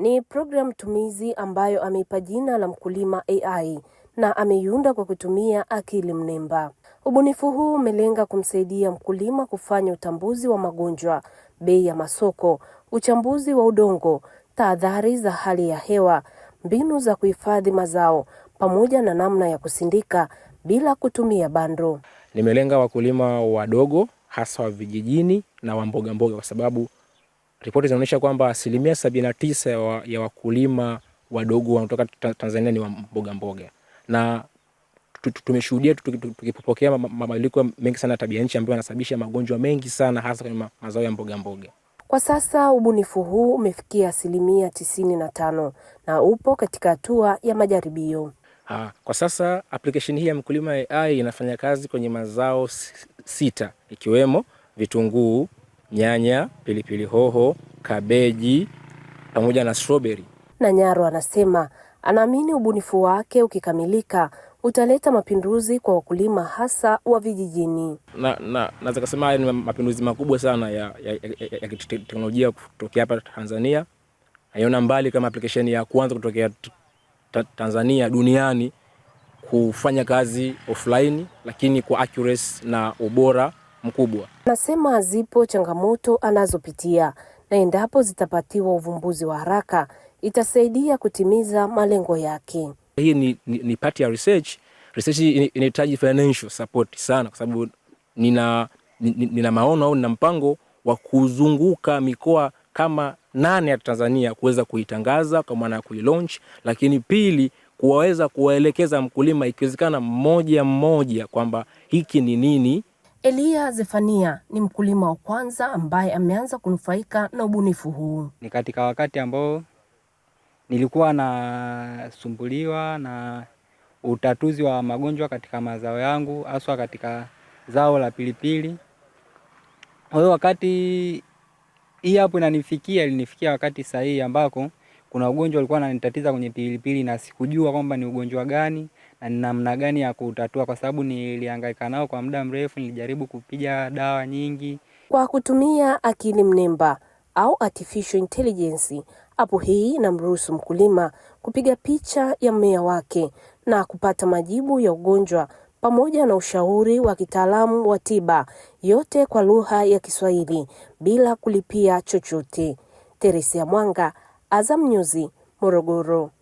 Ni programu tumizi ambayo ameipa jina la Mkulima AI na ameiunda kwa kutumia akili mnemba. Ubunifu huu umelenga kumsaidia mkulima kufanya utambuzi wa magonjwa, bei ya masoko, uchambuzi wa udongo, tahadhari za hali ya hewa, mbinu za kuhifadhi mazao pamoja na namna ya kusindika bila kutumia bando. Limelenga wakulima wadogo hasa wa vijijini na wa mboga kwa sababu Ripoti zinaonyesha kwamba asilimia sabini na tisa ya wakulima wadogo wanaotoka Tanzania ni wa mboga mboga, na tumeshuhudia tukipokea mabadiliko mengi sana ya tabia nchi ambayo yanasababisha magonjwa mengi sana hasa kwenye mazao ya mboga mboga. Kwa sasa ubunifu huu umefikia asilimia tisini na tano na upo katika hatua ya majaribio. Ha, kwa sasa application hii ya mkulima AI inafanya kazi kwenye mazao sita ikiwemo vitunguu nyanya, pilipili hoho, kabeji pamoja na strawberry. Na Nyaro anasema anaamini ubunifu wake ukikamilika utaleta mapinduzi kwa wakulima hasa wa vijijini. Na, na, kusema ni mapinduzi makubwa sana ya, ya, ya, ya teknolojia kutokea hapa Tanzania. Naiona mbali kama application ya kwanza kutokea Tanzania duniani kufanya kazi offline, lakini kwa accuracy na ubora mkubwa. Anasema zipo changamoto anazopitia na endapo zitapatiwa uvumbuzi wa haraka itasaidia kutimiza malengo yake. Hii ni, ni, ni part ya research. Research inahitaji financial support sana kwa sababu nina, nina maono au nina mpango wa kuzunguka mikoa kama nane ya Tanzania kuweza kuitangaza kwa maana ya kuilaunch, lakini pili kuwaweza kuwaelekeza mkulima ikiwezekana mmoja mmoja kwamba hiki ni nini Eliya Zefania ni mkulima wa kwanza ambaye ameanza kunufaika na ubunifu huu. Ni katika wakati ambao nilikuwa nasumbuliwa na utatuzi wa magonjwa katika mazao yangu haswa katika zao la pilipili. Kwa hiyo wakati hii hapo inanifikia, ilinifikia wakati sahihi ambako kuna ugonjwa ulikuwa unanitatiza kwenye pilipili na sikujua kwamba ni ugonjwa gani na ni namna gani ya kutatua, kwa sababu nilihangaika nao kwa muda mrefu. Nilijaribu kupiga dawa nyingi kwa kutumia akili mnemba au artificial intelligence. Hapo hii inamruhusu mkulima kupiga picha ya mmea wake na kupata majibu ya ugonjwa pamoja na ushauri wa kitaalamu wa tiba, yote kwa lugha ya Kiswahili bila kulipia chochote. Teresia Mwanga Azam News, Morogoro.